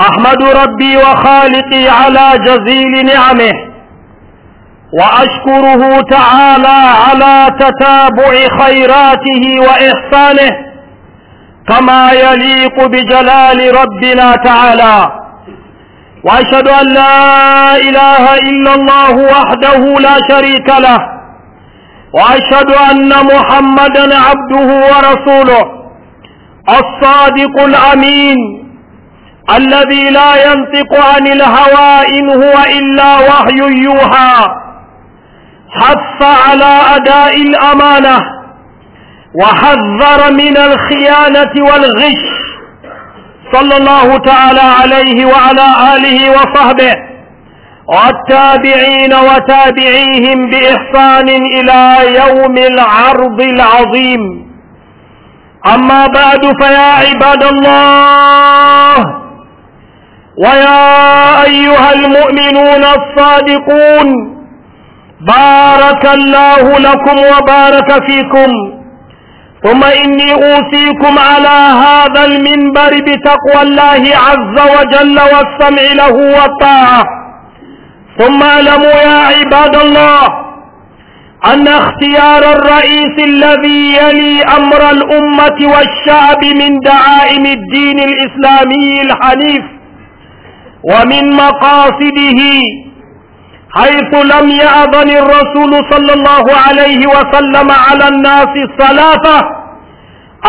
أحمد ربي وخالقي على جزيل نعمه وأشكره تعالى على تتابع خيراته وإحسانه كما يليق بجلال ربنا تعالى وأشهد أن لا إله إلا الله وحده لا شريك له وأشهد أن محمدا عبده ورسوله الصادق الأمين الذي لا ينطق عن الهوى إن هو إلا وحي يوحى حث على أداء الأمانة وحذر من الخيانة والغش صلى الله تعالى عليه وعلى آله وصحبه والتابعين وتابعيهم بإحسان إلى يوم العرض العظيم أما بعد فيا عباد الله ويا أيها المؤمنون الصادقون بارك الله لكم وبارك فيكم ثم إني أوصيكم على هذا المنبر بتقوى الله عز وجل والسمع له والطاعة ثم اعلموا يا عباد الله أن اختيار الرئيس الذي يلي أمر الأمة والشعب من دعائم الدين الإسلامي الحنيف ومن مقاصده حيث لم يأذن الرسول صلى الله عليه وسلم على الناس الثلاثة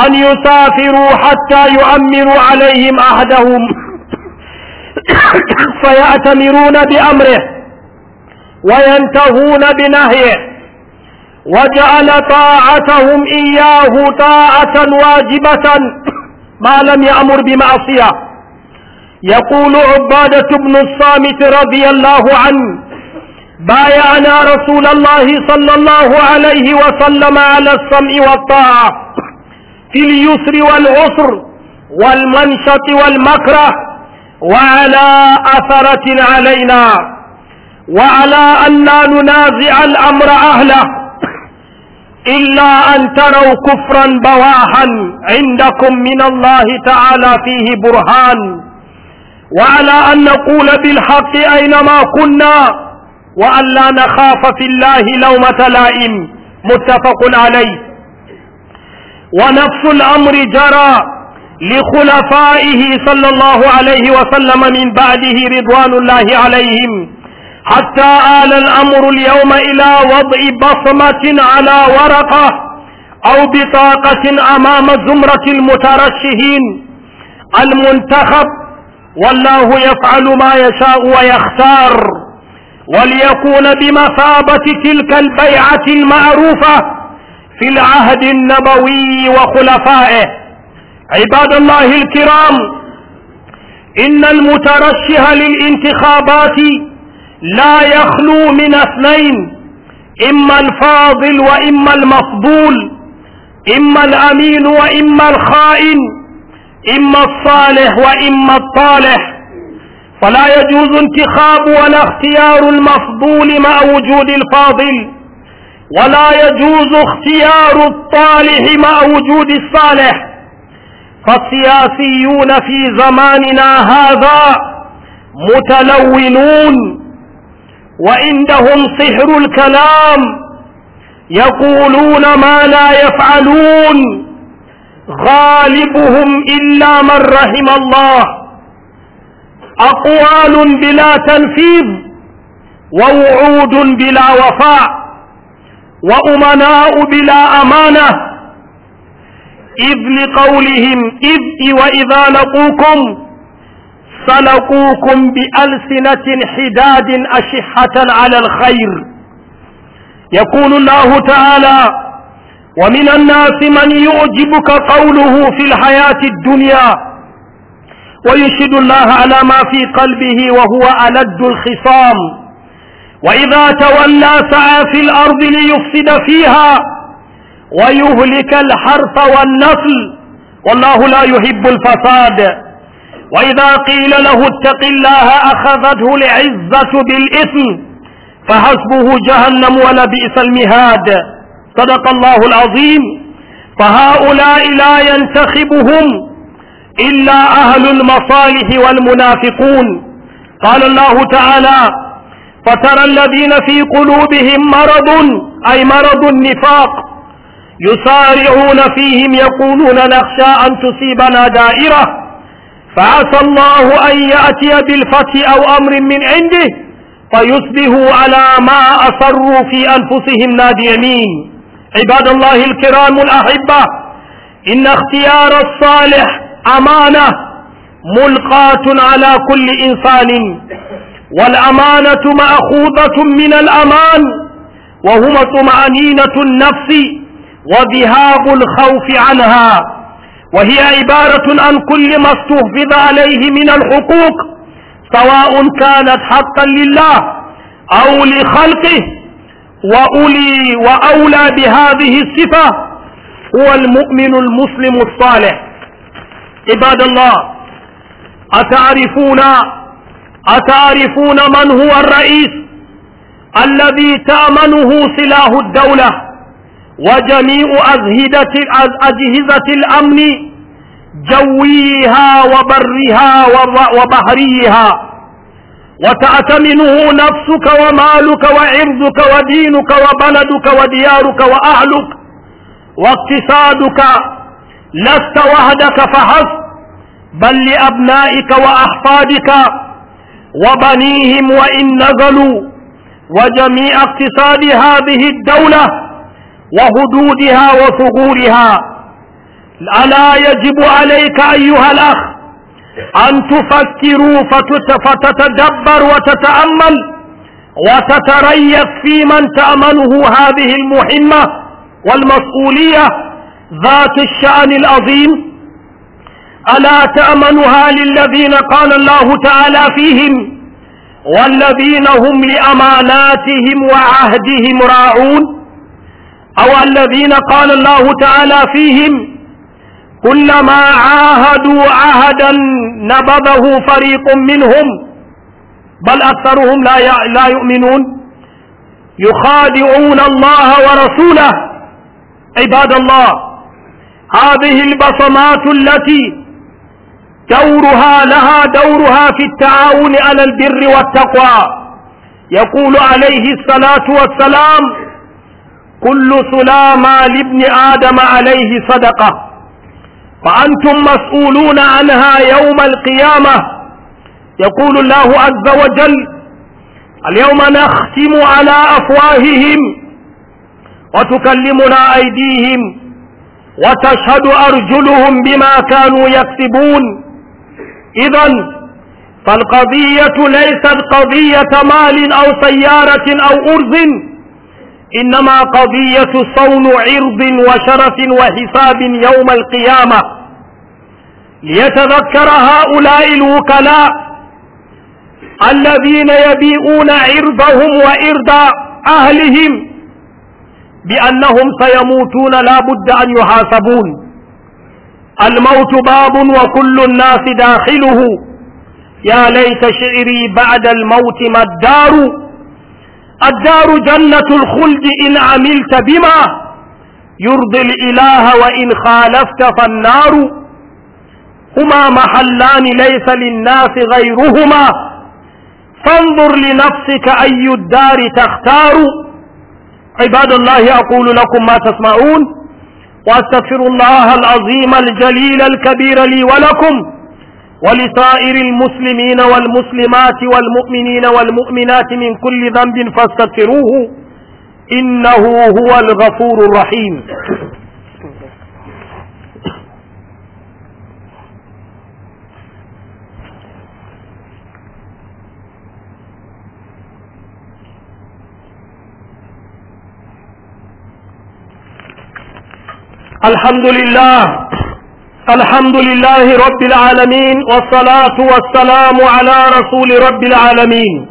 أن يسافروا حتى يؤمروا عليهم أحدهم فيأتمرون بأمره وينتهون بنهيه وجعل طاعتهم إياه طاعة واجبة ما لم يأمر بمعصية يقول عبادة بن الصامت رضي الله عنه بايعنا رسول الله صلى الله عليه وسلم على السمع والطاعة في اليسر والعسر والمنشط والمكره وعلى أثرة علينا وعلى أن لا ننازع الأمر أهله إلا أن تروا كفرا بواحا عندكم من الله تعالى فيه برهان وعلى أن نقول بالحق أينما كنا وأن لا نخاف في الله لومة لائم متفق عليه ونفس الأمر جرى لخلفائه صلى الله عليه وسلم من بعده رضوان الله عليهم حتى آل الأمر اليوم إلى وضع بصمة على ورقة أو بطاقة أمام زمرة المترشحين المنتخب والله يفعل ما يشاء ويختار وليكون بمثابة تلك البيعة المعروفة في العهد النبوي وخلفائه عباد الله الكرام إن المترشح للانتخابات لا يخلو من اثنين إما الفاضل وإما المفضول إما الأمين وإما الخائن إما الصالح وإما الطالح فلا يجوز انتخاب ولا اختيار المفضول مع وجود الفاضل ولا يجوز اختيار الطالح مع وجود الصالح فالسياسيون في زماننا هذا متلونون وعندهم سحر الكلام يقولون ما لا يفعلون غالبهم إلا من رحم الله أقوال بلا تنفيذ ووعود بلا وفاء وأمناء بلا أمانة إذ لقولهم إذ وإذا لقوكم سلقوكم بألسنة حداد أشحة على الخير يقول الله تعالى ومن الناس من يعجبك قوله في الحياة الدنيا ويشهد الله على ما في قلبه وهو ألد الخصام وإذا تولى سعى في الأرض ليفسد فيها ويهلك الحرث والنسل والله لا يحب الفساد وإذا قيل له اتق الله أخذته العزة بالإثم فحسبه جهنم ولبئس المهاد صدق الله العظيم فهؤلاء لا ينتخبهم إلا أهل المصالح والمنافقون قال الله تعالى فترى الذين في قلوبهم مرض أي مرض النفاق يسارعون فيهم يقولون نخشى أن تصيبنا دائرة فعسى الله أن يأتي بالفتح أو أمر من عنده فيصبحوا على ما أصروا في أنفسهم نادمين عباد الله الكرام الأحبة إن اختيار الصالح أمانة ملقاة على كل إنسان والأمانة مأخوذة من الأمان وهما طمأنينة النفس وذهاب الخوف عنها وهي عبارة عن كل ما استحفظ عليه من الحقوق سواء كانت حقا لله أو لخلقه وأولي وأولى بهذه الصفة هو المؤمن المسلم الصالح عباد الله أتعرفون أتعرفون من هو الرئيس الذي تأمنه سلاح الدولة وجميع أجهزة الأمن جويها وبرها وبحريها وتأتمنه نفسك ومالك وعرضك ودينك وبلدك وديارك وأهلك واقتصادك لست وحدك فحسب بل لأبنائك وأحفادك وبنيهم وإن نزلوا وجميع اقتصاد هذه الدولة وهدودها وثغورها ألا يجب عليك أيها الأخ أن تفكروا فتتدبر وتتأمل وتتريث في من تأمله هذه المهمة والمسؤولية ذات الشأن العظيم ألا تأمنها للذين قال الله تعالى فيهم والذين هم لأماناتهم وعهدهم راعون أو الذين قال الله تعالى فيهم كلما عاهدوا عهدا نبذه فريق منهم بل أكثرهم لا لا يؤمنون يخادعون الله ورسوله عباد الله هذه البصمات التي دورها لها دورها في التعاون على البر والتقوى يقول عليه الصلاة والسلام كل سلامة لابن آدم عليه صدقة فأنتم مسؤولون عنها يوم القيامة يقول الله عز وجل اليوم نختم على أفواههم وتكلمنا أيديهم وتشهد أرجلهم بما كانوا يكسبون إذا فالقضية ليست قضية مال أو سيارة أو أرز إنما قضية صون عرض وشرف وحساب يوم القيامة ليتذكر هؤلاء الوكلاء الذين يبيئون عرضهم وعرض أهلهم بأنهم سيموتون لا بد أن يحاسبون الموت باب وكل الناس داخله يا ليت شعري بعد الموت ما الدار الدار جنة الخلد إن عملت بما يرضي الإله وإن خالفت فالنار هما محلان ليس للناس غيرهما فانظر لنفسك أي الدار تختار عباد الله أقول لكم ما تسمعون وأستغفر الله العظيم الجليل الكبير لي ولكم ولسائر المسلمين والمسلمات والمؤمنين والمؤمنات من كل ذنب فاستغفروه إنه هو الغفور الرحيم الحمد لله الحمد لله رب العالمين والصلاة والسلام على رسول رب العالمين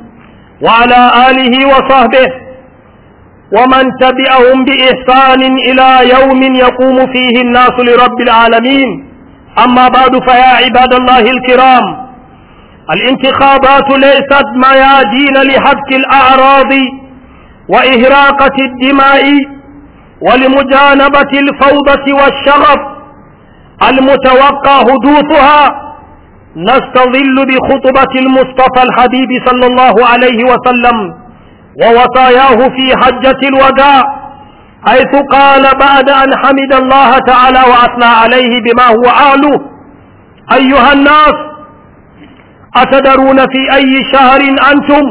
وعلى آله وصحبه ومن تبعهم بإحسان إلى يوم يقوم فيه الناس لرب العالمين أما بعد فيا عباد الله الكرام الانتخابات ليست ميادين لحبك الأعراض وإهراقة الدماء ولمجانبة الفوضى والشغف المتوقع حدوثها نستظل بخطبة المصطفى الحبيب صلى الله عليه وسلم ووصاياه في حجة الوداع حيث قال بعد أن حمد الله تعالى وأثنى عليه بما هو أهله أيها الناس أتدرون في أي شهر أنتم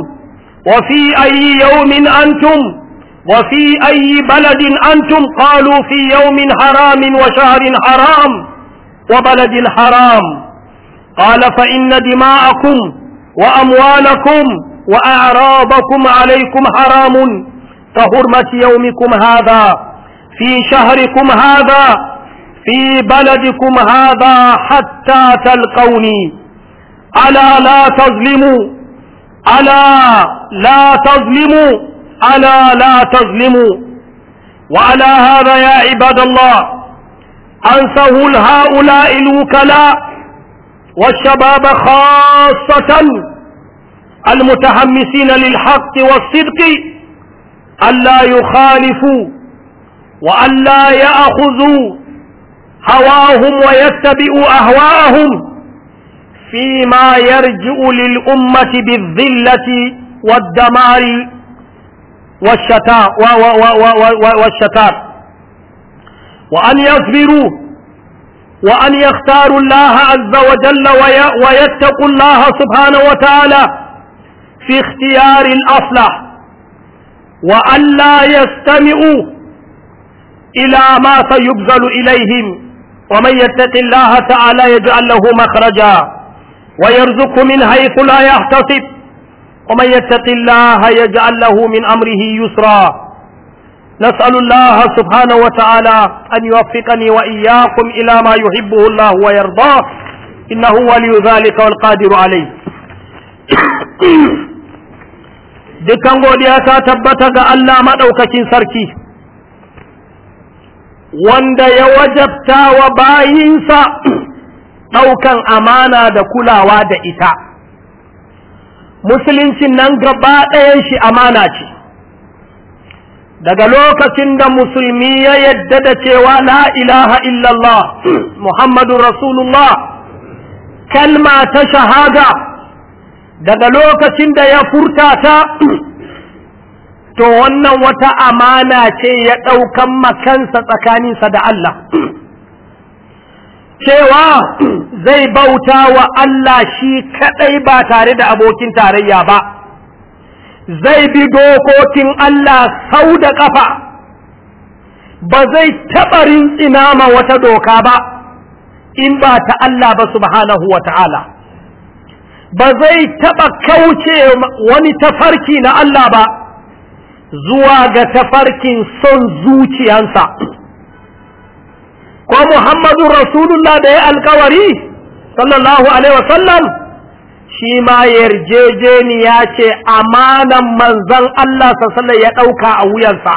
وفي أي يوم أنتم وفي أي بلد أنتم قالوا في يوم حرام وشهر حرام وبلد الحرام قال فإن دماءكم وأموالكم وأعراضكم عليكم حرام كهرمة يومكم هذا في شهركم هذا في بلدكم هذا حتى تلقوني ألا لا تظلموا ألا لا تظلموا ألا لا تظلموا وعلى هذا يا عباد الله أنسه هؤلاء الوكلاء والشباب خاصة المتحمسين للحق والصدق ألا يخالفوا وألا يأخذوا هواهم ويتبئوا أهواءهم فيما يرجع للأمة بالذلة والدمار والشتات وأن يصبروا وأن يختاروا الله عز وجل ويتقوا الله سبحانه وتعالى في اختيار الأصلح وأن لا يستمعوا إلى ما سيبذل إليهم ومن يتق الله تعالى يجعل له مخرجا ويرزق من حيث لا يحتسب ومن يتق الله يجعل له من أمره يسرا نسأل الله سبحانه وتعالى أن يوفقني وإياكم إلى ما يحبه الله ويرضاه إنه ولي ذلك والقادر عليه dukkan godiya ta tabbata ga Allah maɗaukakin sarki wanda ya wajabta wa bayinsa ɗaukan amana da kulawa da ita musuluncin nan gaba ɗayan shi amana ce daga lokacin da musulmi ya yadda da cewa la ilaha illallah Muhammadu Rasulullah kalma ta shahada daga lokacin da ya furta ta to wannan wata amana ce ya ɗaukan makansa tsakaninsa da Allah cewa zai bauta wa Allah shi kaɗai ba tare da abokin tarayya ba zai bi dokokin Allah sau da ƙafa ba zai taɓa rintsina ma wata doka ba in ba ta Allah ba subhanahu wa ta'ala ba zai taɓa kauce wani tafarki na Allah ba zuwa ga tafarkin son zuciyansa ko Muhammadu Rasulullah da ya alkawari sallallahu alaihi wasallam shi ma yarjejeniya ce amanan manzan Allah sallallahu ya ɗauka a wuyansa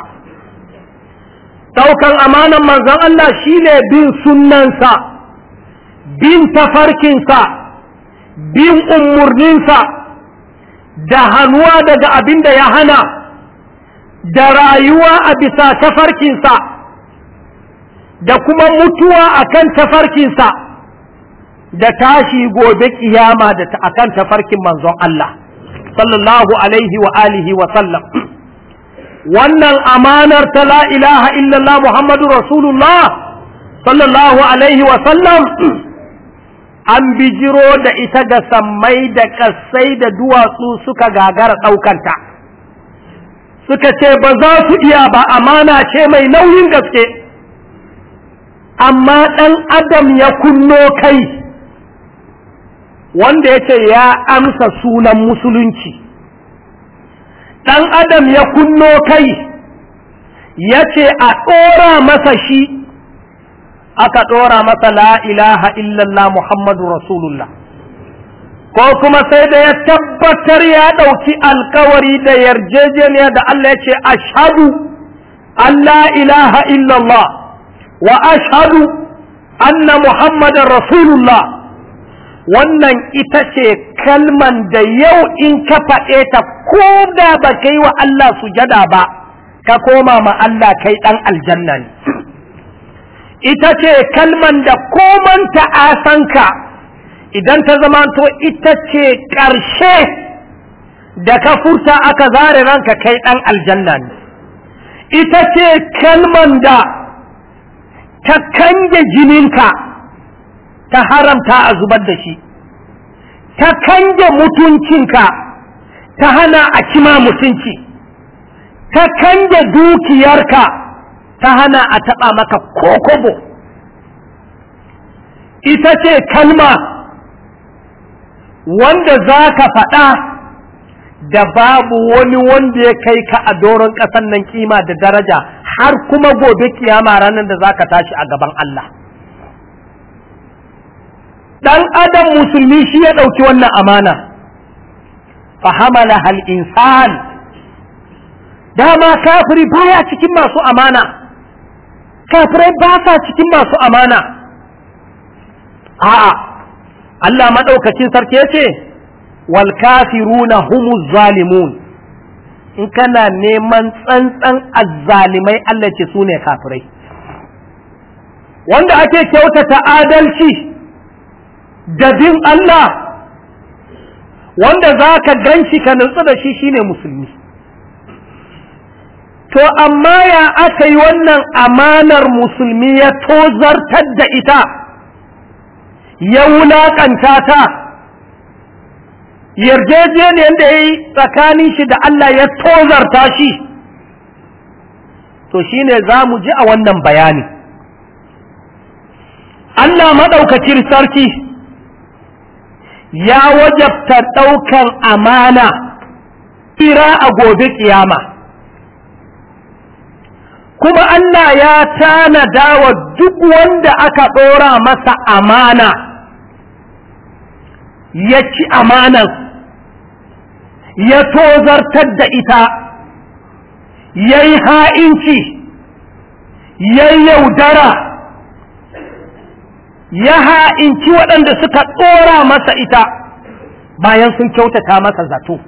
ɗaukan amanan manzan Allah shi ne bin sunnansa bin tafarkinsa bin umarninsa da hannuwa daga abin da ya hana da rayuwa a bisa tafarkinsa da kuma mutuwa a kan tafarkinsa da tashi gobe kiyama da ta akan tafarkin manzon Allah sallallahu alaihi wa alihi wa sallam wannan amanar ta la ilaha illallah muhammadu rasulullah sallallahu alaihi wa sallam an bijiro da ita ga sammai da kasai da duwatsu suka gagara ɗaukanta suka ce ba za su iya ba amana ce mai nauyin gaske amma ɗan adam ya kunno kai wanda ya ce ya amsa sunan musulunci ɗan adam ya kunno kai ya ce a ɗora masa shi aka ɗora masa la ilaha illallah muhammadu rasulullah ko kuma sai da ya tabbatar ya ɗauki alkawari da yarjejeniya da Allah ya ce ashadu an la ilaha illallah wa ashadu anna muhammadan rasulullah wannan ita ce kalman da yau in ka faɗe ta ko da ba yi wa Allah su jada ba ka koma ma Allah kai ɗan aljanna ne ita ce kalman da koman asanka idan ta zama to ita ce ƙarshe da ka furta aka zare ranka kai ɗan aljanna ne ita ce kalman da ta kanje jininka ta haramta a zubar da shi ta kange mutuncinka ta hana a cima mutunci ta kange dukiyarka ta hana a taɓa maka kokobo ita ce kalma wanda za ka faɗa da babu wani wanda ya kai ka a doron ƙasan nan kima da daraja har kuma gobe kiyama ranar da za ka tashi a gaban Allah. dan adam musulmi shi ya ɗauki wannan amana fahamala hal insan dama kafiri baya cikin masu amana kafirai ba sa cikin masu amana a'a Allah maɗaukacin sarki ce, wal kafiruna humuz zalimun in kana neman tsantsan azzalimai Allah ce su ne kafirai wanda ake kyautata adalci da bin Allah wanda za ka gan shi ka nutsu da shi shine musulmi to amma ya aka yi wannan amanar musulmi ya tozartar da ita ya wulaƙanta ta yarjejeniyar da ya yi tsakanin shi da Allah ya tozarta shi to shi ne za mu ji a wannan bayani Allah maɗaukacin sarki ya wajabta ɗaukan amana kira a gobe kiyama kuma Allah ya tanada wa duk wanda aka ɗora masa amana ya ci amanar ya tozartar da ita ya yi ha'inci ya yaudara ya ha'inci waɗanda suka ɗora masa ita bayan sun kyautata masa zato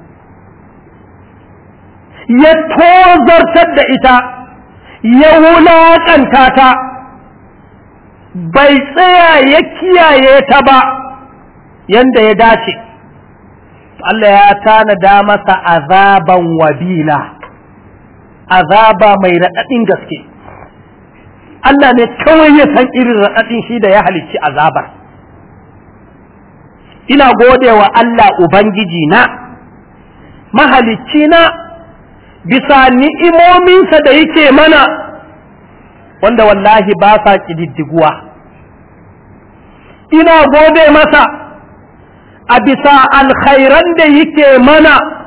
ya tozartar da ita ya wulaƙanta ta bai tsaya ya kiyaye ta ba yadda ya dace Allah ya tanada masa azaban wabila azaba mai raɗaɗin gaske Allah ne kawai ya san irin raɗaɗin shi da ya halicci azabar ina gode wa Allah ubangiji na mahalicci na bisa ni'imominsa da yake mana wanda wallahi ba sa ƙididdiguwa ina gode masa a bisa alkhairan da yake mana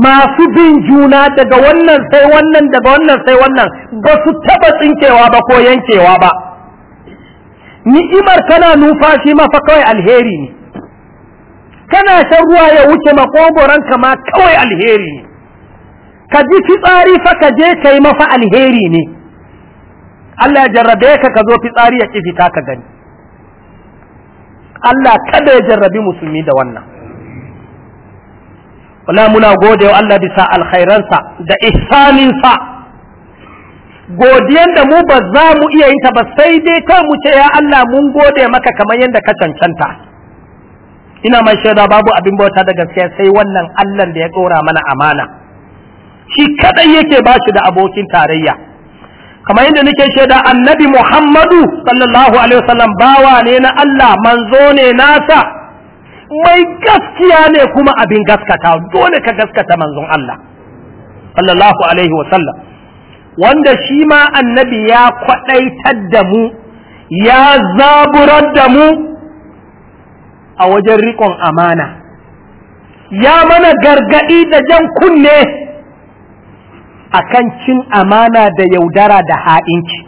masu bin juna daga wannan sai wannan daga wannan sai wannan ba su taɓa tsinkewa ba ko yankewa ba ni'imar kana numfashi ma fa kawai alheri ne kana shan ruwa ya wuce ka ma kawai alheri ne ka ji fitsari fa ka je kai mafa alheri ne Allah ya jarrabe ka ka zo fitsari ya ƙi ka gani Allah kada ya jarrabi musulmi da wannan wala muna gode wa Allah bisa alkhairansa da ihsaninsa godiyan da mu ba za mu iya yin ta ba sai dai kai mu ce ya Allah mun gode maka kamar yadda ka cancanta ina mai shaida babu abin bauta da gaskiya sai wannan Allah da ya tsora mana amana shi kadai yake ba shi da abokin tarayya kamar yadda nake shaida annabi Muhammadu sallallahu alaihi wasallam bawa ne na Allah manzo ne nasa mai gaskiya ne kuma abin gaskata dole ka gaskata manzon Allah sallallahu alaihi wa sallam wanda shi ma annabi ya kwadaitar da mu ya zaburar da mu a wajen riƙon amana ya mana gargaɗi da jan kunne akan cin amana da yaudara da ha'inci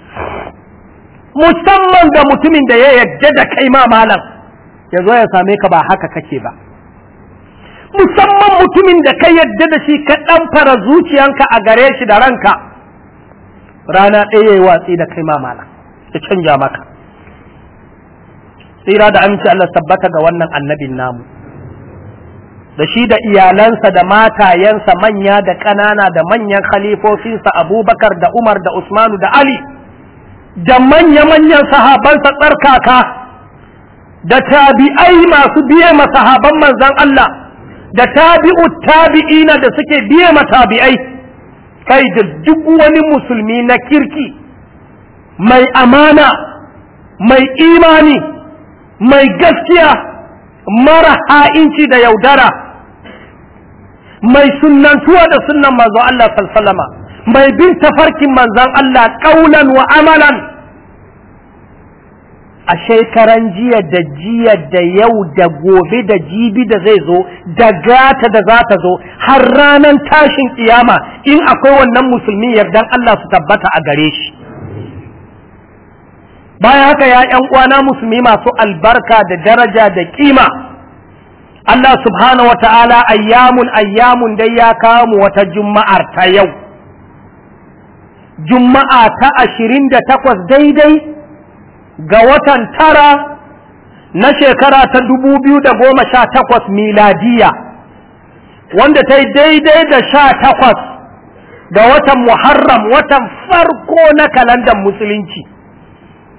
musamman da mutumin da ya yarda da kai ma malam ya zo ya same ka ba haka kake ba musamman mutumin da ka yadda da shi ka ɗan fara zuciyanka a gare shi da ranka rana ɗaya ya yi watsi da kai mamala ya canja maka tsira da aminci Allah tabbata ga wannan annabin namu da shi da iyalansa da matayensa manya da ƙanana da manyan khalifofinsa abubakar da umar da usmanu da ali da manya-manyan sahabansa tsarkaka da tabi'ai masu biye masahaban manzan Allah da tabi'u tabi'ina da suke biye matabi'ai kai da duk wani musulmi na kirki mai amana mai imani mai gaskiya mara ha'inci da yaudara mai sunantuwa da sunan manzo Allah sallama mai bin tafarkin manzan Allah ƙaunan wa amalan a shekaran jiya da jiya da yau da gobe da jibi da zai zo da gata da za ta zo har ranar tashin kiyama in akwai wannan musulmi yardan Allah su tabbata a gare shi bayan haka ya ‘yan uwana musulmi masu albarka da daraja da kima Allah subhanahu wa ta'ala ayyamun ayyamun dai ya kawo mu wata juma'ar ta yau juma'a ta ashirin da takwas daidai ga watan tara na shekara ta dubu biyu da goma sha takwas miladiya wanda ta yi daidai da sha takwas ga watan muharram watan farko na kalandar musulunci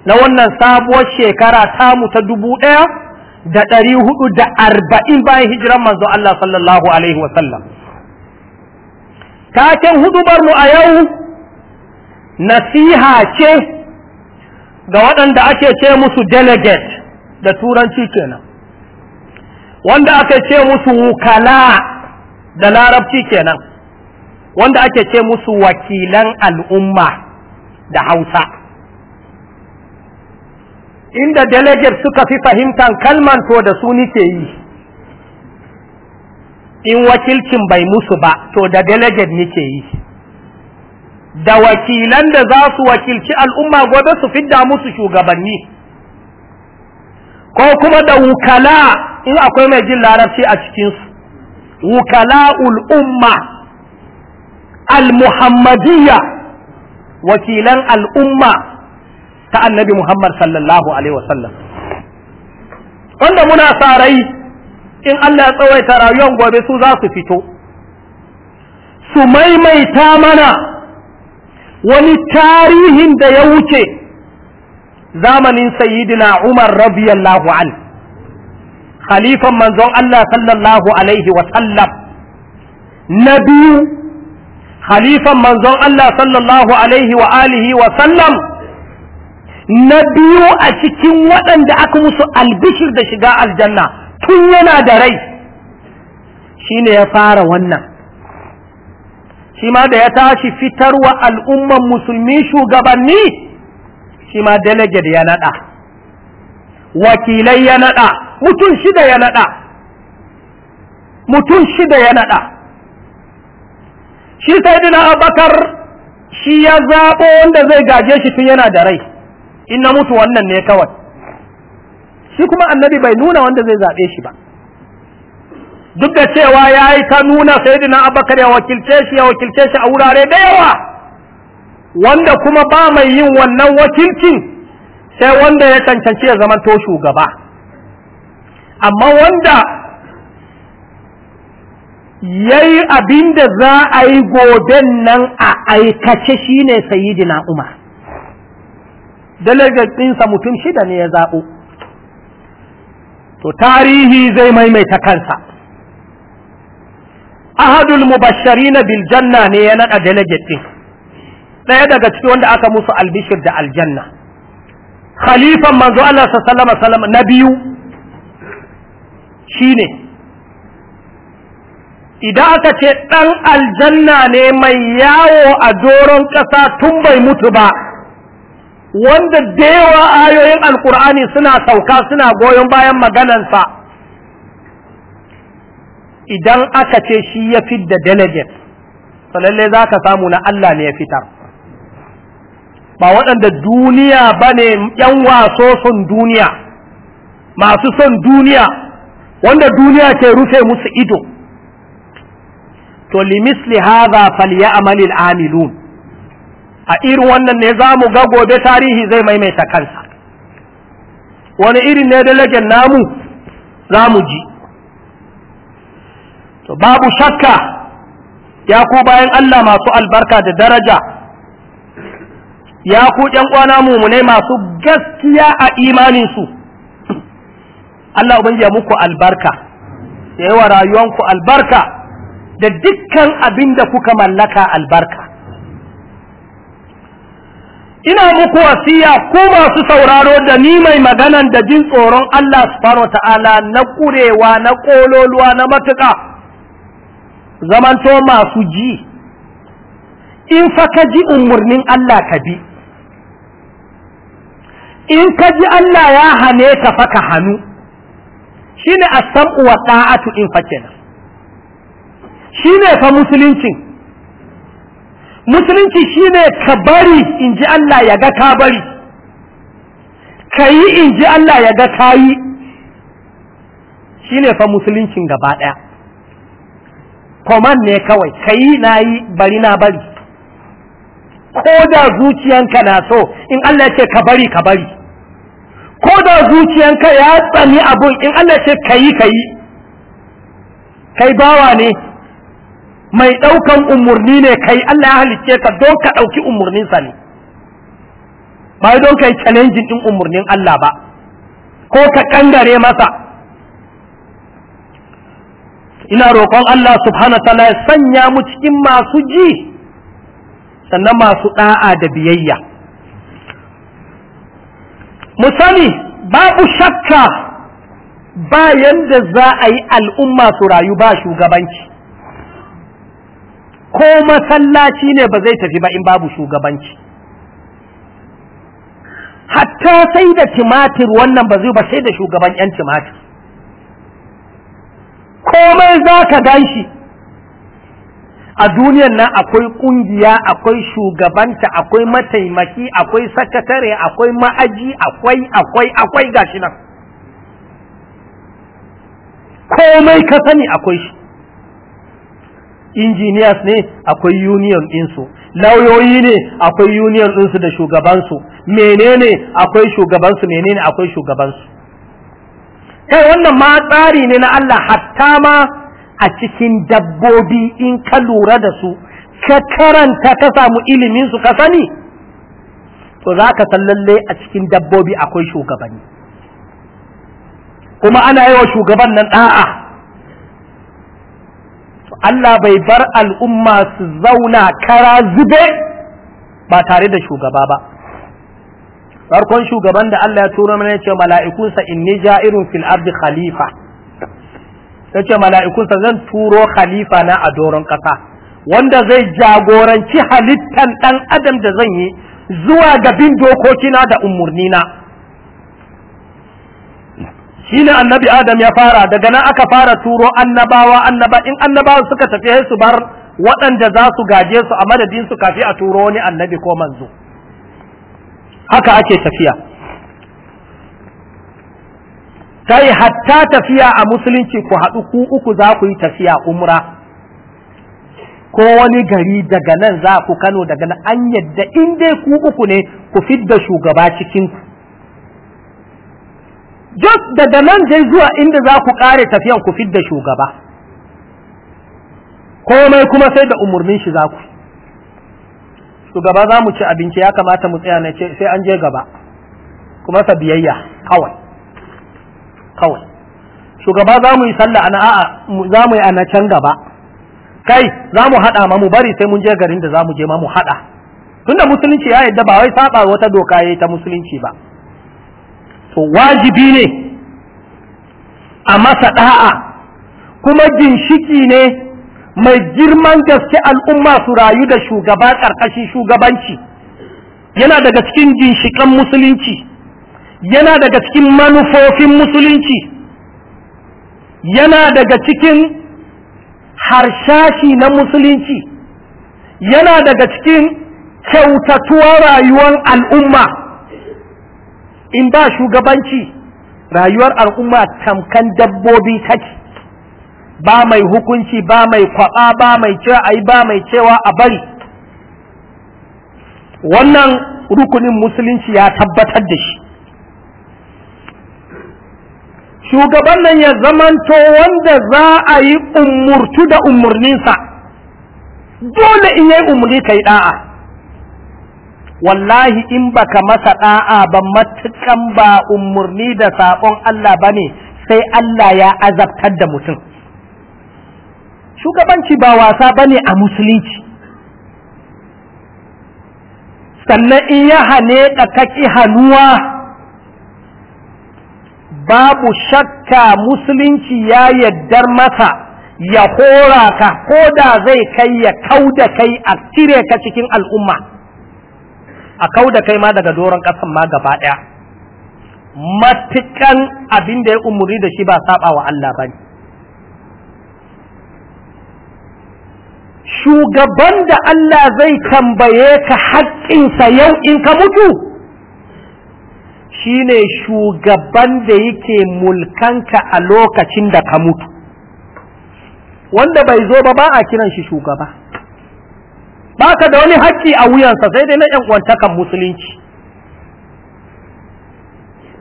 na wannan sabuwar shekara tamu ta dubu ɗaya da ɗari hudu da arba'in bayan hijiran manzo Allah sallallahu alaihi wasallam taken hudubarmu a yau nasiha ce da waɗanda ake ce musu delegate da turanci kenan wanda ake ce musu wukala da larabci kenan wanda ake ce musu wakilan al'umma da hausa inda delegate suka fi fahimtar kalman to da su nike yi in wakilcin bai musu ba to da delegate nike yi da wakilan da za su wakilci al'umma gobe su fidda musu shugabanni ko kuma da wukala in akwai mai jin larabci a cikinsu wukala ul'umma al-muhammadiyya wakilan al'umma ta annabi muhammad sallallahu alaihi wasallam wanda muna sarai in Allah ya tsawaita rayuwar gobe su za su fito su maimaita mana wani tarihin da ya wuce zamanin sayyidina Umar radiyallahu an khalifan manzon Allah sallallahu alaihi wa sallam na biyu khalifan manzon Allah sallallahu alaihi wa alihi wa sallam na biyu a cikin waɗanda aka musu albishir da shiga aljanna tun yana da rai shine ya fara wannan shi ma da ya tashi fitarwa al'umman musulmi shugabanni shi ma delegate ya naɗa wakilai ya naɗa mutum shida ya naɗa mutum shida ya naɗa shi sai dina abakar shi ya zaɓo wanda zai gaje shi tun yana da rai in na mutu wannan ne kawai shi kuma annabi bai nuna wanda zai zaɓe shi ba duk da cewa ya yi ta nuna sayidina abakar ya wakilce shi ya wakilce shi a wurare da yawa wanda kuma ba mai yin wannan wakilcin sai wanda ya cancanci ya zamanto shugaba amma wanda ya yi abin da za a yi goben nan a aikace shine sayidina umar delegate ɗinsa mutum shida ne ya zaɓo to tarihi zai maimaita kansa ahadul mubashirina bil janna ne ya nada delegate din daya daga cikin wanda aka musu albishir da aljanna khalifan manzo Allah sallallahu alaihi wasallam na biyu shine idan aka ce dan aljanna ne mai yawo a doron ƙasa tun bai mutu ba wanda da ayoyin alkur'ani suna sauka suna goyon bayan maganansa idan aka ce shi ya fidda delegate to lallai za ka samu na Allah ne ya fitar ba waɗanda duniya ba ne ‘yan waso son duniya masu son duniya wanda duniya ke rufe musu ido to limisli a falyamalil amilun a irin wannan ne za mu ga gobe tarihi zai maimaita kansa wani irin ne dalagen namu za mu ji to babu shakka ya ku bayan Allah masu albarka da daraja ya ku ɗan ƙwana mumune masu gaskiya a imaninsu Allah ubangi ya muku albarka ya yi wa rayuwanku albarka da dukkan abin da kuka mallaka albarka ina muku wasiya ku masu sauraro da ni mai magana da jin tsoron Allah subhanahu ta'ala na kurewa na kololuwa na matuƙa zamanto masu ji in fa ka ji umarnin Allah ka bi in ka ji Allah ya hane ka fa ka hannu shi ne samu wa ta'atu in fa kenan ne fa musulunci musulunci ne ka bari in ji Allah ya ga ka bari ka yi in ji Allah ya ga ka yi shi ne fa musulunci gaba ɗaya command ne kawai kayi na yi bari na bari ko da zuciyanka na so in Allah ce ka bari ka bari ko da zuciyanka ya tsani abun in Allah ce kayi kayi kai bawa ne mai ɗaukan umarni ne kai Allah ya halicce ka don ka ɗauki umarninsa ne ba don kai challenging ɗin umarnin Allah ba ko ka kangare masa ina roƙon Allah subhanahu ta'ala ya sanya mu cikin masu ji sannan masu ɗa'a da biyayya mu sani babu shakka ba yanda za a yi al'umma su rayu ba shugabanci ko masallaci ne ba zai tafi ba in babu shugabanci hatta sai da timatir wannan ba zai ba sai da shugaban 'yan timatir komai za ka gan shi a duniyan nan akwai ƙungiya akwai shugabanta akwai mataimaki akwai sakatare akwai ma'aji akwai akwai akwai gashi nan komai ka sani akwai shi engineers ne akwai union ɗinsu lauyoyi ne akwai union ɗinsu da shugabansu menene akwai shugabansu menene akwai shugabansu kai wannan ma tsari ne na Allah hatta ma a cikin dabbobi in ka lura da su ka karanta ka samu ilimin su ka sani to za ka san lalle a cikin dabbobi akwai shugabanni kuma ana yi wa shugaban nan ɗa'a Allah bai bar al'umma su zauna kara zube ba tare da shugaba ba farkon shugaban da Allah ya turo mana yace mala'ikunsa inni ja'irun fil ardi khalifa yace mala'ikunsa zan turo khalifa na a doron kasa wanda zai jagoranci halittan dan adam da zan yi zuwa ga bin dokokina da umurnina. shi ne annabi adam ya fara daga nan aka fara turo annabawa annaba in annabawa suka tafi su bar waɗanda za su gaje su a madadin su kafi a turo wani annabi ko manzo haka ake tafiya sai hatta tafiya a musulunci ku haɗu ku uku za ku yi tafiya umra ko wani gari daga nan za ku kano daga nan an yadda in dai ku uku ne ku fidda shugaba cikinku da daga nan dai zuwa inda za ku ƙare tafiyan ku fidda shugaba komai kuma sai da umarnin shi za ku to gaba za mu ci abinci ya kamata mu tsaya na ce sai an je gaba kuma sa biyayya kawai kawai shugaba za mu yi sallah ana a'a za mu yi ana can gaba kai za mu haɗa ma mu bari sai mun je garin da za mu je ma mu haɗa tunda musulunci ya yadda ba wai saba wata doka yayi ta musulunci ba to wajibi ne a masa da'a kuma ginshiki ne mai girman gaske al'umma su rayu da shugaba ƙarƙashin shugabanci yana daga cikin ginshiƙan musulunci yana daga cikin manufofin musulunci yana daga cikin harshashi na musulunci yana daga cikin kyautatuwa rayuwar al'umma in ba shugabanci rayuwar al'umma tamkan dabbobi take ba mai hukunci ba mai kwaba ba mai cewa ayi ba mai cewa a bari wannan rukunin musulunci ya tabbatar da shi shugaban nan ya zamanto wanda za a yi umurtu da umurninsa dole in yi umurni kai ɗa'a. wallahi in baka masa ɗa'a ba matukan ba umurni da saƙon Allah ba ne sai Allah ya azabtar da mutum shugabanci ba wasa ba ne a musulunci sannan in ya hane kaki hannuwa babu shakka musulunci ya yaddar masa ya hora ka ko da zai kai ya kauda kai a cire ka cikin al'umma a kauda kai ma daga doron ƙasan ma gaba ɗaya matuƙan abin da ya umuri da shi ba saɓa wa Allah ba ne shugaban da Allah zai tambaye ka haƙƙinsa yau in ka mutu shine shugaban da yake mulkanka a lokacin da ka mutu wanda bai zo ba ba a kiran shi shugaba ba ka da wani haƙƙi a wuyansa sai dai na ‘yan'uwantakan musulunci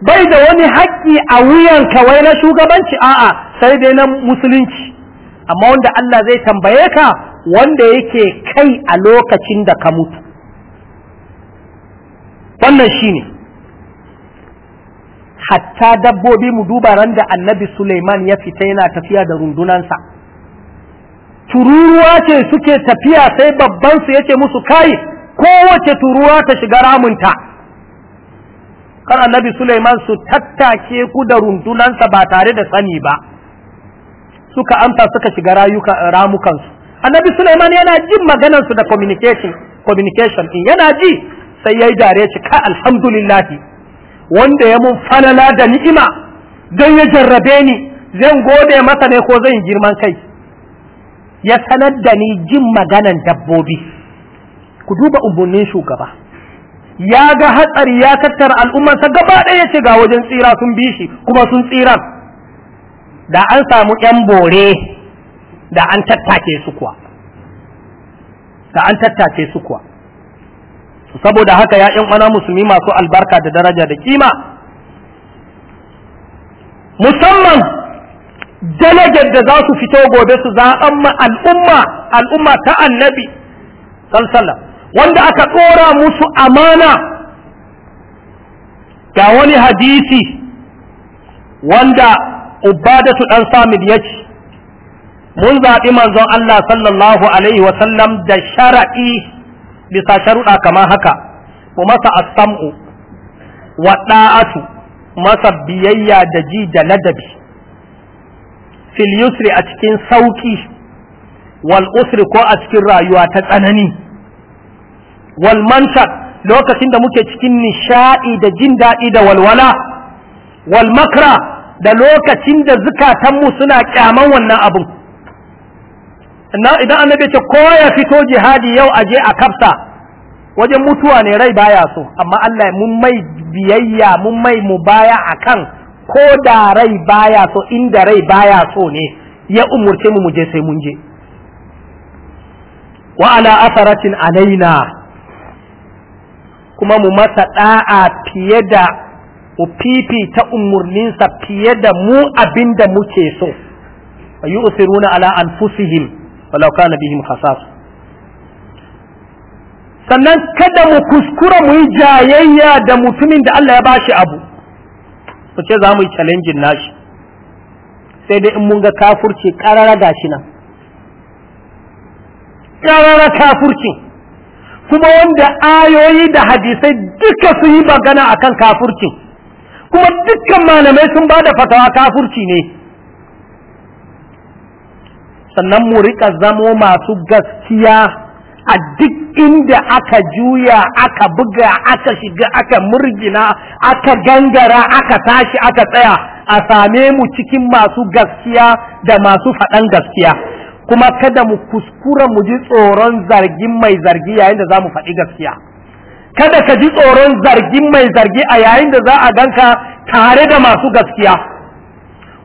bai da wani haƙƙi a wuyanka wai na shugabanci a'a sai dai na musulunci amma wanda Allah zai tambaye ka wanda yake kai a lokacin da ka mutu wannan shi ne. hatta dabbobi mu duba ran da annabi Suleiman ya fita yana tafiya da rundunansa tururuwa ce suke tafiya sai babbansu su yace musu kai kowace turuwa ta shiga ramunta kar annabi Suleiman su tattake ku da rundunansa ba tare da tsani ba suka amsa suka shiga ramukansu annabi Suleiman yana jin maganar da communication communication din yana ji sai yayi dare ci ka alhamdulillah wanda ya mun falala da ni'ima don ya jarrabe ni zan gode masa ne ko zan girman kai ya sanar da ni jin maganan dabbobi ku duba umarnin shugaba ya ga hatsari ya tattara al'ummarsa gaba ɗaya ce ga wajen tsira sun bi shi kuma sun tsira da an samu 'yan bore da an tattake su kuwa da an tattake su kuwa saboda haka ya ƴan uwana musulmi masu albarka da daraja da kima musamman dalajar da za su fito gobe su zaɓan ma al'umma al'umma ta annabi sallallahu wanda aka tsora musu amana ga wani hadisi wanda ubadatu ɗan samid ya ce mun zaɓi manzon Allah sallallahu alaihi wa sallam da shara'i bisa sharuɗa kamar haka Ku masa as wa da'atu masa biyayya da ji da ladabi fil yusri a cikin sauƙi, wal usri ko a cikin rayuwa ta tsanani wal lokacin da muke cikin nishaɗi da jin daɗi da walwala wal makra da lokacin da zukatanmu suna ƙyaman wannan abun na idan annabi ce ko ya fito jihadi yau a je a kafsa wajen mutuwa ne rai baya so amma Allah mun mai biyayya mun mai mu baya akan ko da rai baya so inda rai baya so ne ya umurce mu mu je sai mun je wa ala asaratin alaina kuma mu masa da'a fiye da mu fifita umurninsa fiye da mu abinda muke so yu'siruna ala anfusihim walau kana bihim khasasa sannan kada mu kuskura mu yi jayayya da mutumin da Allah ya bashi abu ku ce za mu yi challenging nashi sai dai in mun ga kafurci karara gashi nan karara kafurci kuma wanda ayoyi da hadisai duka su yi magana akan kafurci kuma dukkan malamai sun ba da fatawa kafurci ne sannan mu rika zamo masu gaskiya a duk inda aka juya aka buga aka shiga aka murgina aka gangara aka tashi aka tsaya a same mu cikin masu gaskiya da masu faɗan gaskiya kuma kada mu kuskura mu ji tsoron zargin mai zargi yayin da za mu faɗi gaskiya kada ka ji tsoron zargin mai zargi a yayin da za a ganka tare da masu gaskiya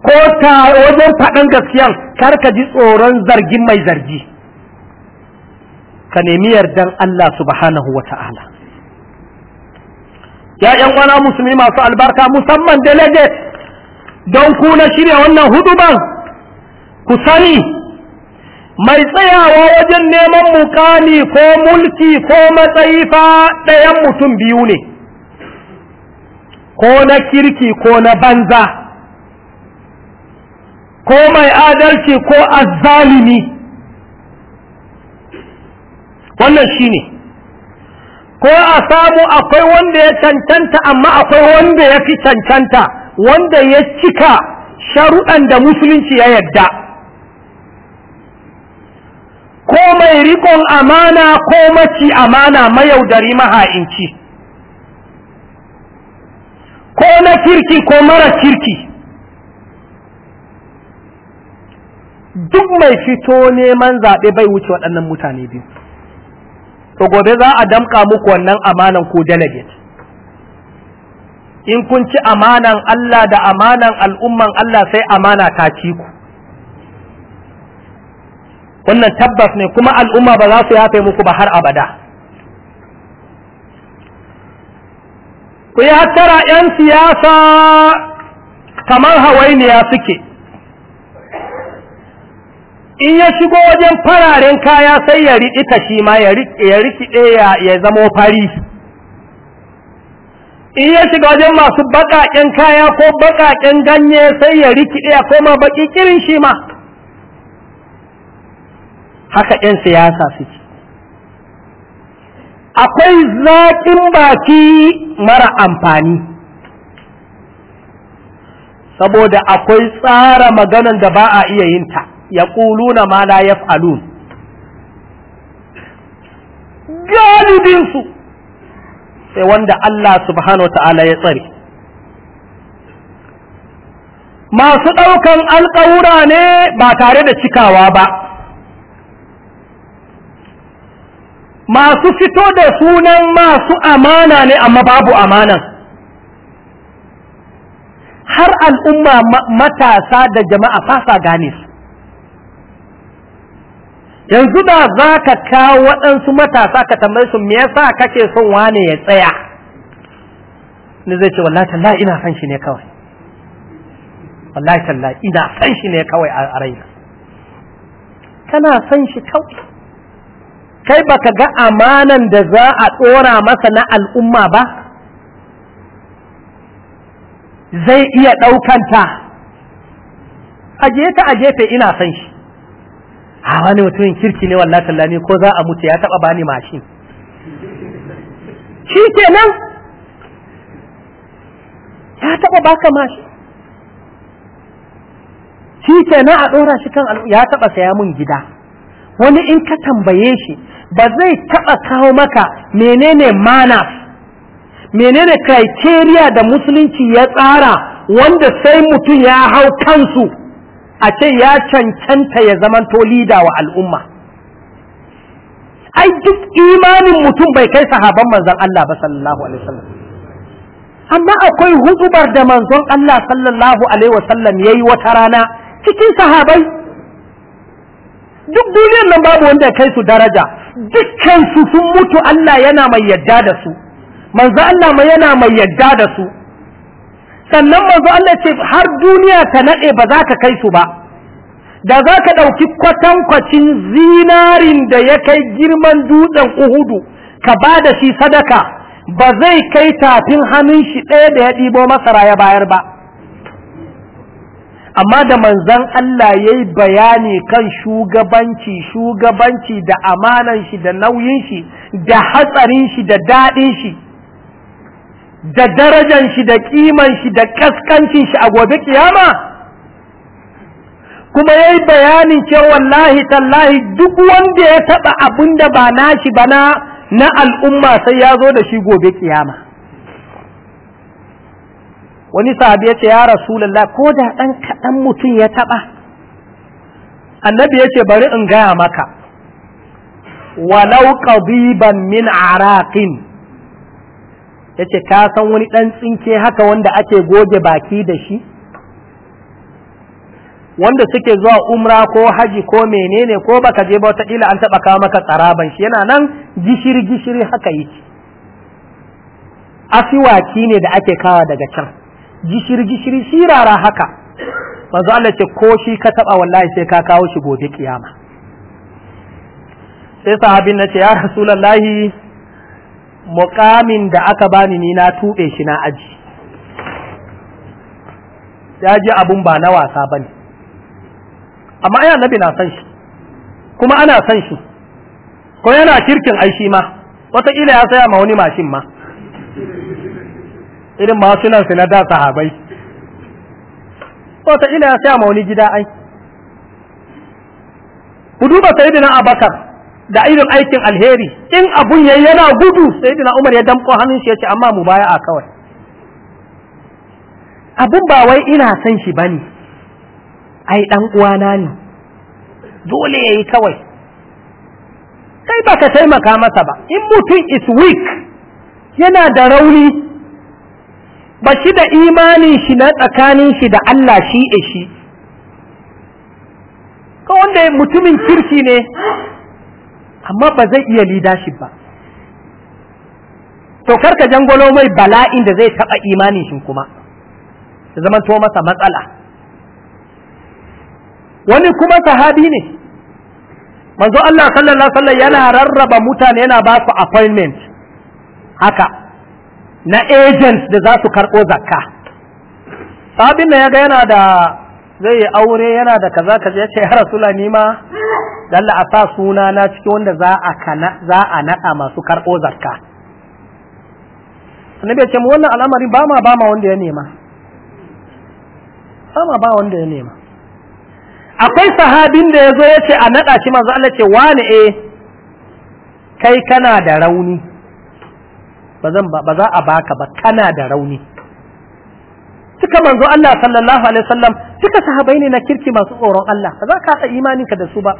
ko ta wajen faɗin gaskiyan kar ji tsoron zargin mai zargi ka nemi yardan Allah subhanahu wa ta'ala ya ƴan musulmi masu albarka musamman delegate don ku na shirya wannan huduban ku sani mai tsayawa wajen neman mukami ko mulki ko matsayi fa ɗayan mutum biyu ne ko na kirki ko na banza ko mai adalci ko azzalimi wannan shi ne ko a samu akwai wanda ya cancanta amma akwai wanda ya fi cancanta wanda ya cika sharuɗan da musulunci ya yadda ko mai rikon amana ko maci amana mayaudari maha'inci ko na kirki ko mara kirki duk mai fito neman zaɓe bai wuce waɗannan mutane biyu to gobe za a damƙa muku wannan amanan ko delegate in kun ci amanan Allah da amanan al'umman Allah sai amana ta ci ku wannan tabbas ne kuma al'umma ba za su yafe muku ba har abada ku yi tara 'yan siyasa kamar hawainiya suke in ya shigo wajen fararen kaya sai ya riƙita shi ma ya rikiɗe ya zamo fari in ya shiga wajen masu baƙaƙen kaya ko baƙaƙen ganye sai ya rikiɗe ya koma baƙi kirin shi ma haka ƴan siyasa suke akwai zaƙin baki mara amfani saboda akwai tsara maganan da ba a iya yinta. ta yaquluna ma la yaf'alun galibin su sai wanda Allah subhanahu wa ta'ala ya tsare masu ɗaukan alƙawura ne ba tare da cikawa ba masu fito da sunan masu amana ne amma babu amanan har al'umma matasa da jama'a fasa gane su yanzu da za ka kawo waɗansu matasa ka tambayi su me yasa kake son wane ya tsaya ni zai ce wallahi tallahi ina san shi ne kawai wallahi tallahi ina san shi ne kawai a raina kana san shi kawai kai baka ga amanan da za a ɗora masa na al'umma ba zai iya ɗaukanta aje ta aje ta ina san shi a wani mutumin kirki ne wallahi tallani ko za a mutu ya taba bani mashin shi kenan ya taba baka mashin shi kenan a dora shi kan ya taba saya mun gida wani in ka tambaye shi ba zai taba kawo maka menene mana menene criteria da musulunci ya tsara wanda sai mutum ya hau kansu a ce ya cancanta ya to lida wa al'umma ai duk imanin mutum bai kai sahaban manzon Allah ba sallallahu alaihi wasallam amma akwai hudubar da manzon Allah sallallahu alaihi wasallam yayi wata rana cikin sahabai duk duniyar nan babu wanda ya kai su daraja dukkan su sun mutu Allah yana mai yadda da su manzon Allah mai yana mai yadda da su sannan manzo Allah ce har duniya ta nade ba za ka kai su ba da za ka ɗauki kwatankwacin zinarin da ya kai girman dutsen uhudu ka ba da shi sadaka ba zai kai tafin hannun shi ɗaya da ya ɗibo masara ya bayar ba amma da manzan Allah ya yi bayani kan shugabanci shugabanci da amanan shi da nauyin shi da hatsarin shi da daɗin shi da darajan shi da kiman shi da kaskancin shi a gobe kiyama kuma yayi bayanin cewa wallahi tallahi duk wanda ya taba abin da ba nashi ba na al'umma sai ya zo da shi gobe kiyama wani sahabi ya ce ya rasulullah ko da ɗan kaɗan mutum ya taɓa annabi ya ce bari in gaya maka walau qadiban min araqin yace ka san wani dan tsinke haka wanda ake goge baki da shi wanda suke zuwa umra ko haji ko menene ko baka je ba wata an taba kawo maka tsaraban shi yana nan gishiri gishiri haka yake asiwaki ne da ake kawa daga can gishiri gishiri shirara haka manzo Allah ce ko shi ka taba wallahi sai ka kawo shi gobe kiyama sai sahabin na ce ya rasulullahi Mukamin da aka bani ni na tuɓe shi na aji ya ji abun ba na wasa ba ne amma ai annabi na san shi kuma ana san shi ko yana kirkin aishi ma wataƙila ya saya ma wani mashin ma irin su na da sahabai wataƙila ya saya ma wani gida ai ku duba na abakar da irin aikin alheri in abun yayi yana gudu sai dina Umar ya damko hannun shi ya ce amma mu baya a kawai abun ba wai ina san shi bane ai dan uwana ne dole yayi kawai kai baka taimaka masa ba in mutum is weak yana da rauni ba shi da imanin shi na tsakanin shi da Allah shi e shi ko wanda mutumin kirki ne amma ba zai iya leadership ba to karka jangolo mai bala'in da zai taɓa imanin shi kuma da zama to masa matsala wani kuma sahabi ne manzo Allah sallallahu alaihi yana rarraba mutane yana ba su appointment haka na agents da za su karɓo zakka sahabin nan ya ga yana da zai yi aure yana da kaza kaza ya ce ya rasula ni ma dalla a sa suna na cikin wanda za a kana za a nada masu karbo zakka annabi ya ce mu wannan al'amari ba ma ba ma wanda ya nema ba ma ba wanda ya nema akwai sahabin da ya zo ya ce a nada shi manzo Allah ce wani eh kai kana da rauni ba za a baka ba kana da rauni suka manzo Allah sallallahu alaihi wasallam suka sahabai ne na kirki masu tsoron Allah ba za ka imanin imaninka da su ba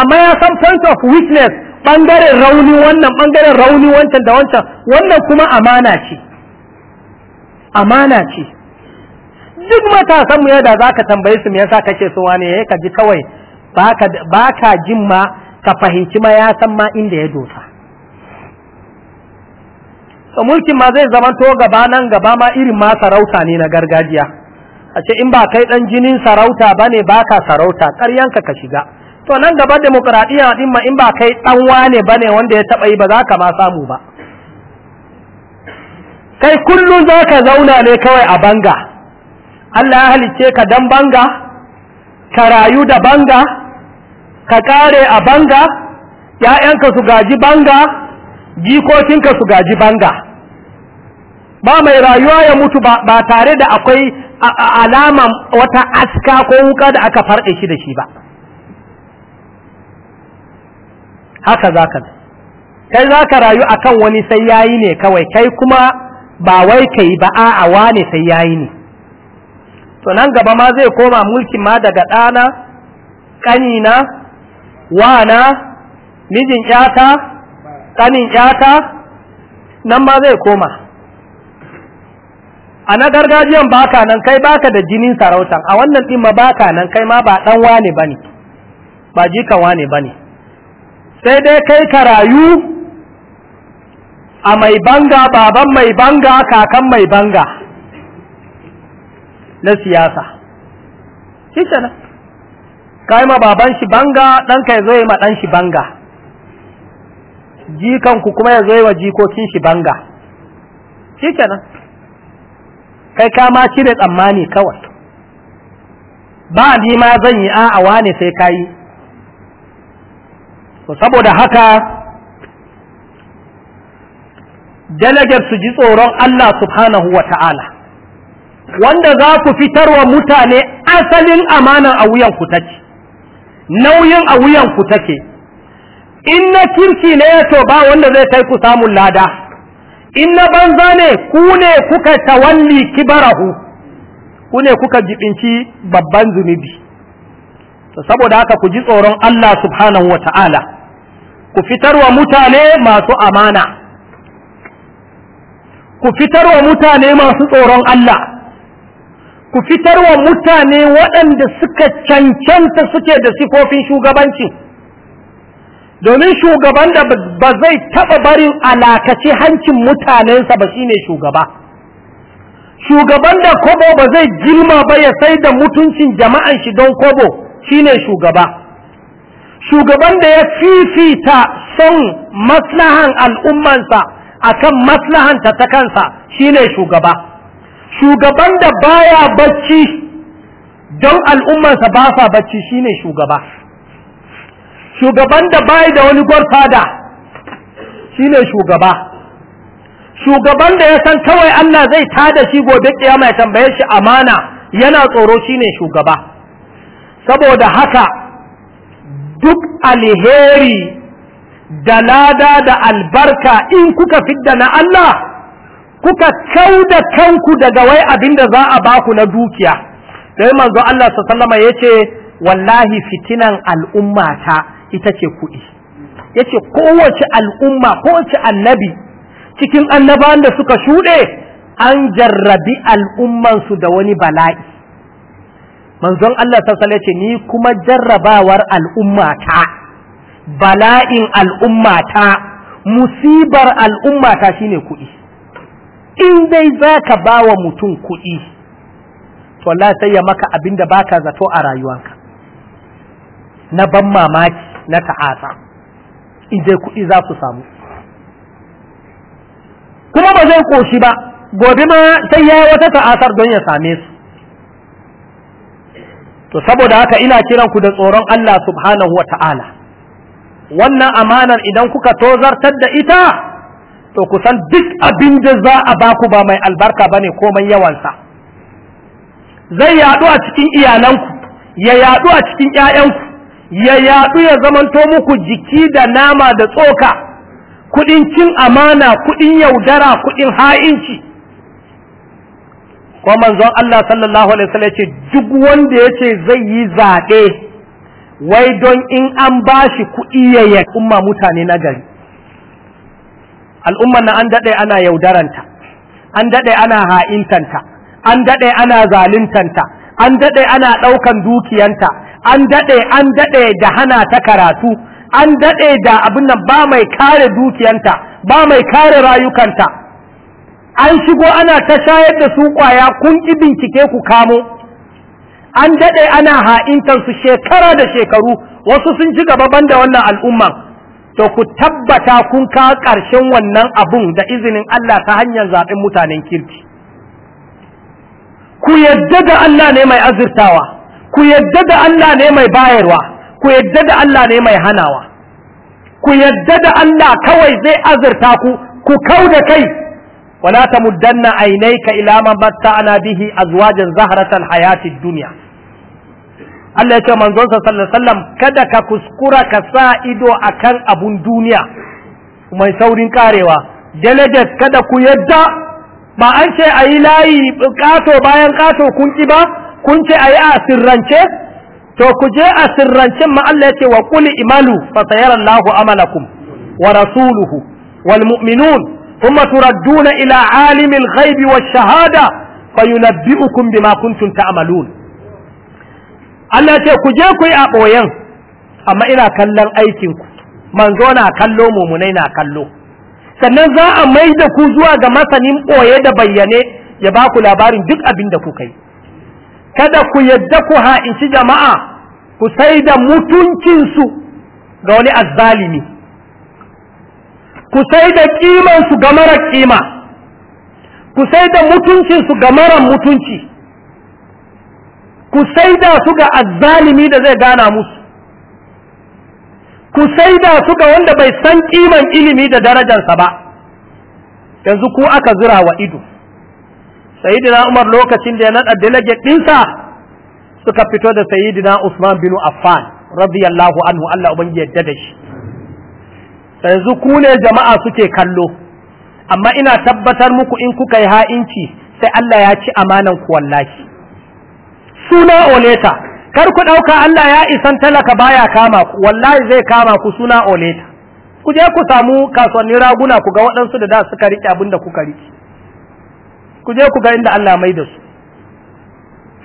amma ya san point of weakness bangaren rauni wannan bangaren rauni wancan da wancan wannan kuma amana ce amana ce duk matasan mu yadda ka tambaye su me yasa kake so wane ya eh, ka ji kawai ba ka jin ma ka fahimci ma ya san ma inda ya dosa so mulkin ma zai zama to gaba nan gaba ma irin ma sarauta ne na gargajiya a ce in ba kai ɗan jinin sarauta ba bane ka sarauta ƙaryanka ka shiga to nan gaba demokradiyya din ma in ba kai dan wane bane wanda ya taba yi ba za ka ma samu ba kai kullum za ka zauna ne kawai a banga Allah ya halicce ka dan banga ka rayu da banga ka kare a banga ‘ya'yanka su gaji banga jikokinka su gaji banga ba mai rayuwa ya mutu ba tare da akwai alaman wata aska ko wuka da aka farɗe shi da shi ba haka za ka kai za ka rayu akan wani sai yayi ne kawai kai kuma ba wai kai ba a'a wani sai yayi ne to nan gaba ma zai koma mulkin ma daga ɗana ƙanina wana mijin ƴata ƙanin ƴata nan ma zai koma a na gargajiyan baka nan kai baka da jinin sarautan a wannan ɗin ma baka nan kai ma ba ɗan wane ba ne ba jikan wane ba ne sai dai kai ka rayu a mai banga baban mai banga kakan mai banga na siyasa shi kenan ka yi ma baban shi banga ɗanka ya zo yi ma ɗan shi banga jikanku kuma ya zo yi wa jikokin shi banga shi kenan kai ka ma cire tsammani kawai ba ni ma zan yi a'a ne sai ka yi saboda haka dalajar su ji tsoron Allah subhanahu wa ta'ala wanda za ku fitar wa mutane asalin amana a wuyanku take nauyin a wuyanku take in na kirki ne to ba wanda zai kai ku samun lada in na banza ne ku ne kuka tawalli kibarahu ku ne kuka jibinci babban zunubi saboda haka ku ji tsoron Allah subhanahu wa ta'ala ku fitar wa mutane masu amana ku fitar wa mutane masu tsoron Allah ku fitar wa mutane waɗanda suka cancanta suke da sifofin shugabanci domin shugaban da ba zai taɓa barin alakaci hancin mutanensa ba shine shugaba shugaban da kobo ba zai girma ba ya sai da mutuncin jama'an shi don kobo shine shugaba shugaban da ya fifita son maslahan al'ummansa akan maslahanta ta kansa shine shugaba shugaban da baya bacci don al'ummansa ba sa bacci shine shugaba shugaban da bai da wani gwarfada shine shugaba shugaban da ya san kawai Allah zai tada shi gobe kiyama ya tambaye shi amana yana tsoro shine shugaba saboda haka duk alheri da lada da albarka in kuka fidda na Allah kuka kau da kanku daga wai abinda za a baku na dukiya dai manzo Allah sallama yace wallahi fitinan al'ummata ita ce kuɗi yace kowace al'umma kowace annabi cikin annabawan da suka shuɗe an jarrabi al'ummansu da wani bala'i manzon Allah sassale ce ni kuma jarrabawar al'ummata bala'in al'ummata musibar al'ummata shine kuɗi in dai za ka ba wa mutum kuɗi to Allah sai ya maka abin da baka zato a rayuwanka na ban mamaki na ta'asa in dai kuɗi za ku samu kuma ba zai ƙoshi ba gobe ma sai ya wata ta'asar don ya same su to saboda haka ina kiran ku da tsoron Allah subhanahu wa ta'ala wannan amanar idan kuka tozartar da ita to kusan duk abin da za a baku ba mai albarka bane komai yawansa zai yaɗu a cikin iyalanku ya yaɗu a cikin ƴaƴanku ya yaɗu ya zamanto muku jiki da nama da tsoka kuɗin cin amana kuɗin yaudara kuɗin ha'inci ko manzon Allah sallallahu alaihi wasallam ce duk wanda yace zai yi zaɓe wai don in an bashi kuɗi ya yi umma mutane na gari al'umma na an daɗe ana yaudaranta an daɗe ana ha'intanta an daɗe ana zaluntanta, an daɗe ana ɗaukan dukiyanta an daɗe an daɗe da hana ta karatu an daɗe da abin nan ba mai kare dukiyanta ba mai kare rayukanta an shigo ana ta shayar da su kwaya kun ƙi bincike ku kamo an daɗe ana ha'intar su shekara da shekaru wasu sun ci gaba banda wannan al'umma to ku tabbata kun ka ƙarshen wannan abun da izinin Allah ta hanyar zaɓen mutanen kirki ku yadda da Allah ne mai azurtawa ku yadda da Allah ne mai bayarwa ku yadda da Allah ne mai hanawa ku yadda da Allah kawai zai azurta ku ku kauda kai wala tamuddanna aynayka ila man batta'na bihi azwajan zahratal hayatid dunya Allah ya ce manzon sa sallallahu alaihi wasallam kada ka kuskura ka sa ido akan abun duniya mai saurin karewa delegate kada ku yadda ba an ce ayi layi kato bayan kato kun ki ba kun ce ayi a sirrance to ku je a sirrancen ma Allah ya ce wa qul imalu fa sayarallahu amalakum wa rasuluhu wal ثم تردون إلى عالم الغيب والشهادة فينبئكم بما كنتم تعملون Allah ce ku je ku yi a ɓoyen amma ina kallon aikinku manzo na kallo mumunai na kallo sannan za a mai da ku zuwa ga masanin ɓoye da bayyane ya ba ku labarin duk abin da kuka yi kada ku yarda ku ha'inci jama'a ku sai da mutuncinsu ga wani azzalimi ku sai da kimansu ga mara kima ku sai da mutuncinsu ga mara mutunci ku sai da su ga azzalimi da zai gana musu ku sai da su ga wanda bai san kiman ilimi da darajarsa ba yanzu ku aka zura wa ido sayidina umar lokacin da ya naɗa delegate ɗinsa suka fito da sayidina usman bin affan radiyallahu anhu allah ubangi yadda da shi yanzu ku ne jama'a suke kallo amma ina tabbatar muku in kuka yi ha'inci sai Allah ya ci amanan ku wallahi suna oleta kar ku ɗauka Allah ya isan talaka baya kama ku wallahi zai kama ku suna oleta ku je ku samu kasuwannin raguna ku ga waɗansu da da suka riƙe abin da kuka riƙe ku je ku ga inda Allah mai da su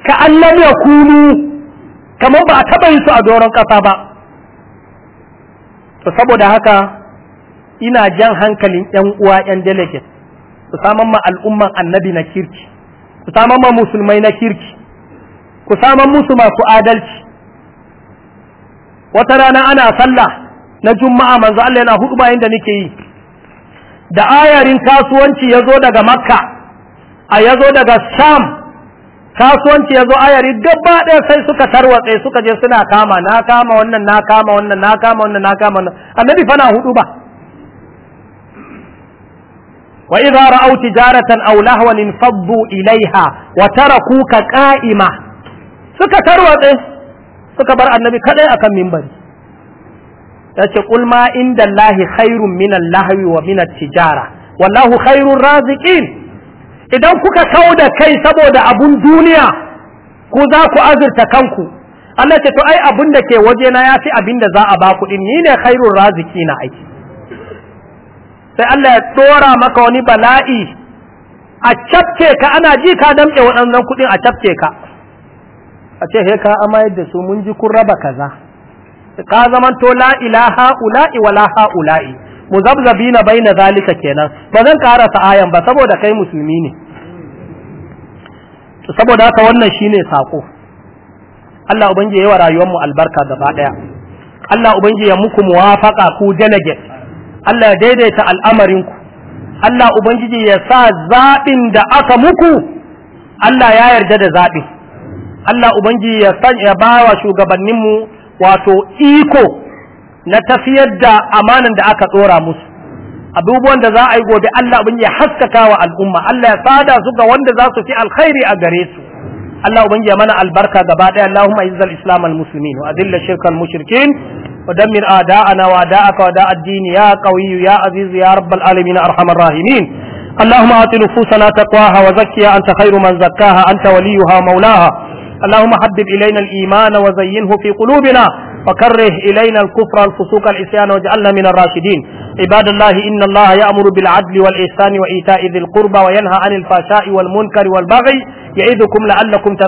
ka Allah ya kunu kamar ba a taɓa yin su a doron ƙasa ba to saboda haka ina jan hankalin yan uwa yan delegate su saman ma al'umman annabi na kirki su saman ma musulmai na kirki ku saman musu masu adalci wata rana ana sallah na juma'a manzo Allah yana hudu bayan da nake yi da ayarin kasuwanci ya zo daga makka a ya zo daga sham kasuwanci ya zo ayari gaba ɗaya sai suka tarwatse suka je suna kama na kama wannan na kama wannan na kama wannan na kama wannan annabi fana hudu ba وإذا رأوا تجارة أو لهوا انفضوا إليها وتركوك قائمة suka tarwatse suka bar annabi kaɗai akan mimbari yace qul ma inda Allahi khairun min lahwi wa min tijara wallahu khairur raziqin idan kuka kauda kai saboda abun duniya ku za ku azurta kanku Allah ce to ai abun da ke waje na yafi abin da za a ba ku din ni ne khairur raziqina aiki sai Allah ya tsora maka wani bala'i a cafke ka ana ji ka damƙe waɗannan kuɗin a cafke ka a ce he ka amayar da su mun ji kun raba kaza ka zaman to la ilaha ula'i wala ha'ula'i bai baina zalika kenan ba zan karasa ayan ba saboda kai musulmi ne saboda haka wannan shine sako Allah ubangiji wa rayuwar mu albarka gaba ɗaya Allah ubangiji ya muku muwafaqa ku delegate Allah ya daidaita al'amarinku Allah ubangiji ya sa zaɓin da aka muku Allah ya yarda da zaɓin Allah ubangiji ya san ya bawa shugabanninmu wato iko na tafiyar da amanan da aka tsora musu abubuwan da za a yi gobe Allah ubangiji ya haskaka wa al'umma Allah ya sada su ga wanda za su fi alkhairi a gare su Allah ubangiji ya mana albarka gaba ɗaya Allahumma izzal islam al muslimin wa adilla shirkal mushrikin ودمر اعداءنا واعداءك واعداء الدين يا قوي يا عزيز يا رب العالمين ارحم الراحمين اللهم آت نفوسنا تقواها وزكها أنت خير من زكاها أنت وليها مولاها اللهم حبب إلينا الإيمان وزينه في قلوبنا وكره إلينا الكفر الفسوق العصيان واجعلنا من الراشدين عباد الله إن الله يأمر بالعدل والإحسان وإيتاء ذي القربى وينهى عن الفحشاء والمنكر والبغي يعظكم لعلكم